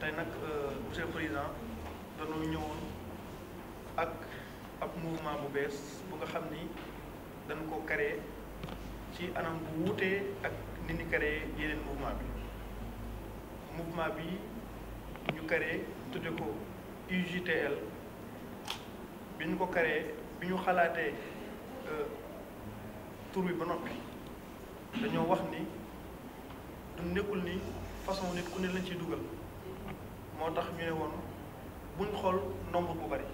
tey nag euh, monsieur le président dañoo ñëwoon ak ab mouvement bu bees bu nga xam ni dañ ko karee ci anam bu wuutee ak ni ñi karee yeneen mouvement bi mouvement bi ñu créé tudde ko UJTL bi ñu ko créé bi ñu xalaatee euh, tur bi ba noppi dañoo wax ni du nekkul ni façon nit ku ne lañ ciy dugal moo tax ñu ne woon buñ xool nombre bu bari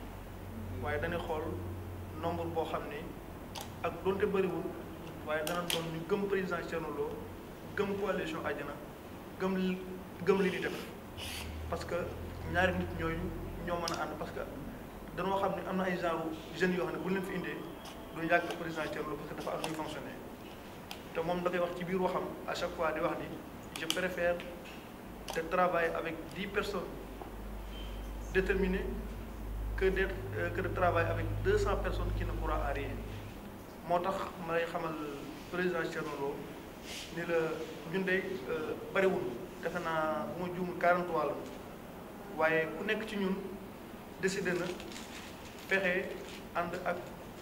waaye dañuy xool nombre boo xam ne ak donte bëriwul waaye dana doon ñu gëm président Thierno Lo gëm coalition Àjjana gëm gëm li ñu def parce que ñaari nit ñooñu ñoo mën a ànd parce que dañoo xam ne am na ay genre jeunes yoo xam ne bu leen fi indee du yàgg président Thierno Lo parce que dafa am ñuy fonctionné te moom da koy wax ci biir waxam à chaque fois di wax ni je préfère. de travailler avec 10 personnes déterminées euh, que, de travailler avec 200 personnes qui ne pourra à rien. moo euh, ma président de 43 la waaye ku décidé na faire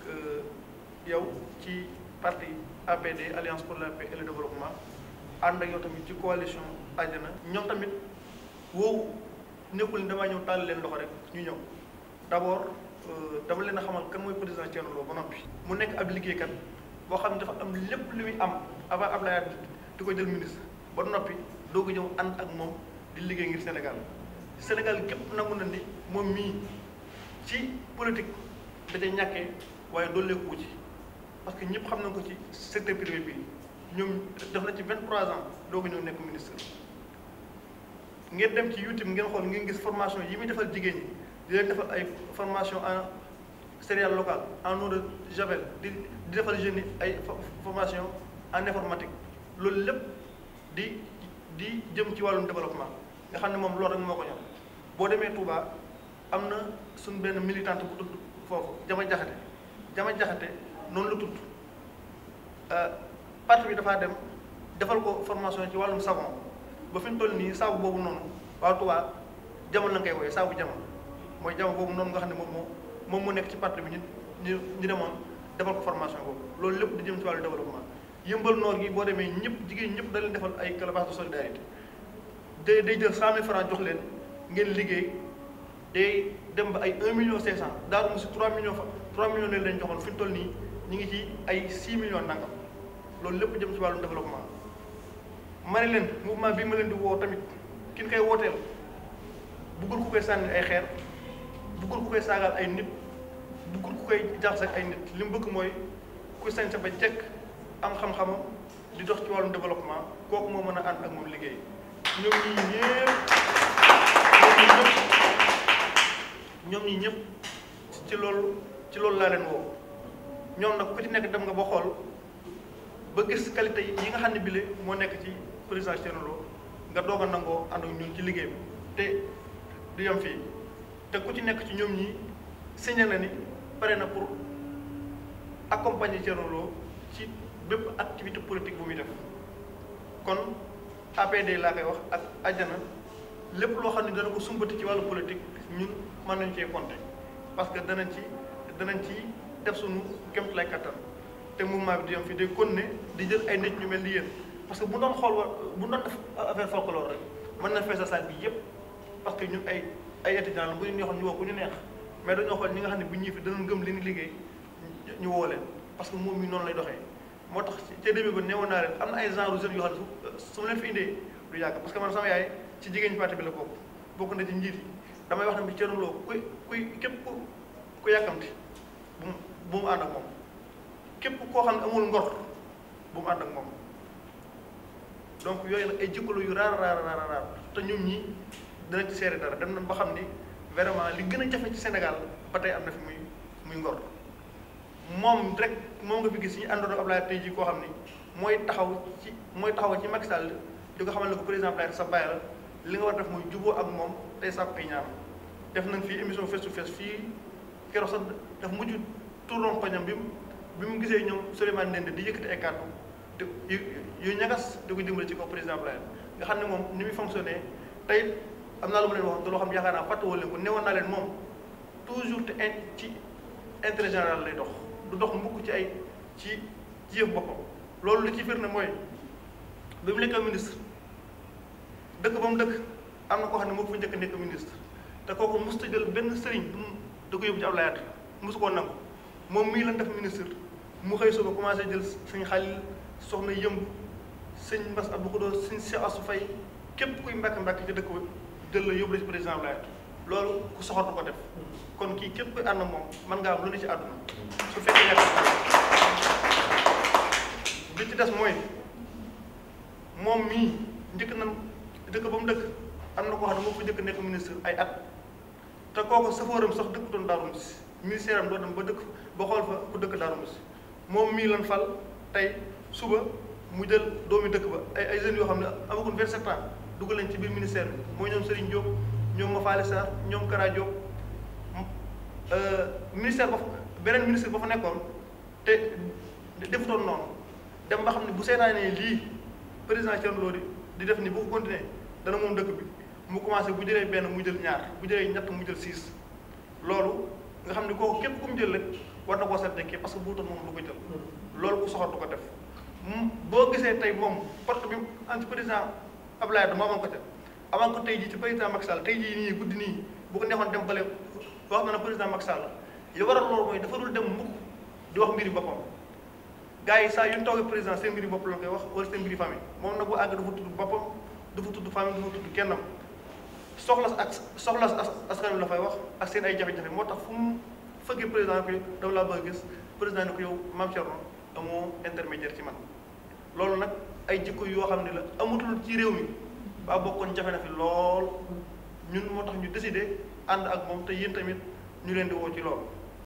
euh, parti APD Alliance pour la paix et le développement ànd ak yow tamit ci coalition àddina ñoom tamit woowu nekkul ni damaa ñëw tàll leen loxo rek ñu ñëw d'abord euh, dama leen a xamal kan mooy président Thierno Lo ba noppi. mu nekk ab liggéey liggéeykat boo xam ne dafa am lépp lu muy am avant Abdoulaye di ko jël ministre ba noppi doo ko ñëw ànd ak moom di liggéey ngir Sénégal Sénégal képp nangu na ni moom mii ci politique da ca ñàkkee waaye dooleeku ci parce que ñëpp xam nañ ko ci secteur privé bi. ñoom def na ci vingt trois ans doo ko ñëw nekk ministre ngeen dem ci YouTube ngeen xool ngeen gis formation yi muy defal jigéen ñi di leen defal ay formation en céréales locales en eau de javel di di defal jeunes yi ay formation en informatique loolu lépp di di jëm ci wàllum développement nga xam ne moom loolu rek moo ko ñor boo demee Touba am na suñ benn militante bu tudd foofu Jama Jaxate Jama Jaxate noonu la tudd. Euh, parti bi dafaa dem defal ko formation ci wàllum savon ba fi mu toll nii saabu boobu noonu waa Touba jamono la nga koy wooyee saabu jamono mooy jamono boobu noonu nga xam ne moom moo moom moo nekk ci parti bi ñu ñu ñu demoon defal ko formation boobu loolu lépp di jëm ci wàllu développement yëmbal noor gi boo demee ñëpp jigéen ñëpp da leen defal ay calebasse de solidarité day jox leen ngeen liggéey day dem ba ay un million cinq cent daaru mu si trois millions fa trois millions leen leen joxoon fi mu toll nii ñu ngi ci ay six millions nangam loolu lépp jëm ci wàllu développement ma ne leen mouvement bi ma leen di woo tamit kin koy wooteel buggul ku koy sànni ay xeer buggul ku koy ay nit buggul ku koy jaxase ay nit li mu bëgg mooy ku sañ sa ba jekk am xam-xamam di dox ci wàllu développement kooku moo mën a ànd ak moom liggéey ñoom ñii ñëpp ñoom ñii ñëpp ci loolu ci loolu laa leen woo ñoom nag ku ci nekk dem nga ba xool ba gis qualité yi nga xamni bi bile mo nek ci président Thierno Lo nga doga nango nangoo ñun ci liggéey bi te du yam fi té ku ci nek ci ñom ñi signé na ni paré na pour accompagner Thierno Lo ci bépp activité politique bu muy def kon APD la koy wax ak aljana lepp lo xamni dana ko sumbati ci walu politique ñun man nañ ci compter parce que ci ci def sunu lay katan te mouvement bi di fi day di jël ay nit ñu parce que bu doon xool bu doon def affaire folklore rek mën na bi parce que ñun ay ay étudiant bu ñu ñu ku ñu neex mais dañu xool ñi ne bu fi danañ gëm li ñu liggéey ñu parce que moom mi lay doxee am ay genre fi parce que man sama yaay ci jigéen parti bi la na ci wax képp ku bu képp koo xam ne amul ngor bu mu ànd ak moom donc yooyu nag ay jikko yu raar raar raar raar te ñun ñi dana ci seere dara dem nañ ba xam ni vraiment li gën a jafe ci Sénégal ba tey am na fi muy muy ngor moom rek moom nga fi gis ñu àndoon ak Abdoulaye tey jii koo xam ni mooy taxaw ci mooy taxaw ci Macky Sall di ko xamal ne ko président Abdoulaye sa bàyyi la li nga war def mooy juboo ak moom tey sàppi ñaan def nañ fi émission face to face fii keroog sax daf mujj tournon pañam bi bi mu gisee ñoom Souleymane Ndéné di yëkkati ay kàddu te yu ñagas di ko dimbali ci kaw président Blay nga xam ne moom ni muy fonctionné tey am naa lu ma leen wax te loo xam ne yaakaar naa fàttewoo leen ne newoon naa leen moom toujours te in ci intérêt général lay dox du dox mbukk ci ay ci jëf boppam loolu li ci firnde mooy bi mu nekkee ministre dëkk ba mu dëkk am na koo xam ne moo ko fa njëkk nekk ministre te kooku mosut a jël benn sëriñ da ko yóbbu ci koo nangu moom mii lan def ministre mu xëy suba commencé jël sëñ xal soxna yëmb sëñ mbas abdu xudóor sëñ seex asu fay képp kuy mbàkk mbàkk ci dëkk ba jël la yóbbu la ci président bi laaj loolu ku soxor du ko def kon kii képp kuy ànd moom mën ngaa am ci àdduna su fekkee nga li ci des mooy moom mii njëkk nan dëkk ba mu dëkk am na ko xam ne moo fa njëkk nekk ministre at te kooku safooram sax dëkkutoon Daaru Muxti ministère am doo dem ba dëkk ba xool fa ku dëkk Daaru Muxti moom mii lan fal tey suba mu jël doomi dëkk ba ay ay jeunes yoo xam ne amaguñ vingt-sept ans dugal lañ ci biir ministère bi mooy ñoom Serigne Diop ñoom Mafale Sarr ñoom Kara Diop euh, ministère ba beneen ministre ba fa nekkoon te defutoon noonu dem ba xam ne bu seetaanee lii président Thierno Lô di def ni bu ko continuer dana moom dëkk bi mu commencé bu jëlee benn mu jël ñaar bu jëlee ñett mu jël six loolu nga xam ne kooku képp ku mu jël rek war na koo seetlu parce que buutoon moom du ko jël hmm. loolu ku soxor du ko def hmm, boo gisee tey moom porte bi anti président Abdoulaye Wade moo amoon ko te avant que tey jii ci président Macky Sall tey jii nii guddi nii bu neexoon dem bële wax na ne président Macky Sall li waral loolu mooy dafa dul dem mukk di wax mbiri boppam gars yi saa yu ñu toogee président seen mbiri bopp la koy wax wala seen mbiri famille moom nag bu àgg dafa tudd boppam dafa tudd famille dafa tudd kennam soxlas ak soxlas fay wax ak seen jafe-jafe moo tax fu fëggee président ko dama laa bëgg a gis président ni yow maam amoo intermédiaire ci man loolu nag ay jikko yoo xam ne la amatul ci réew mi ba bokkoon jafe na fi lool ñun moo tax ñu décidé ànd ak moom te yéen tamit ñu leen di woo ci loolu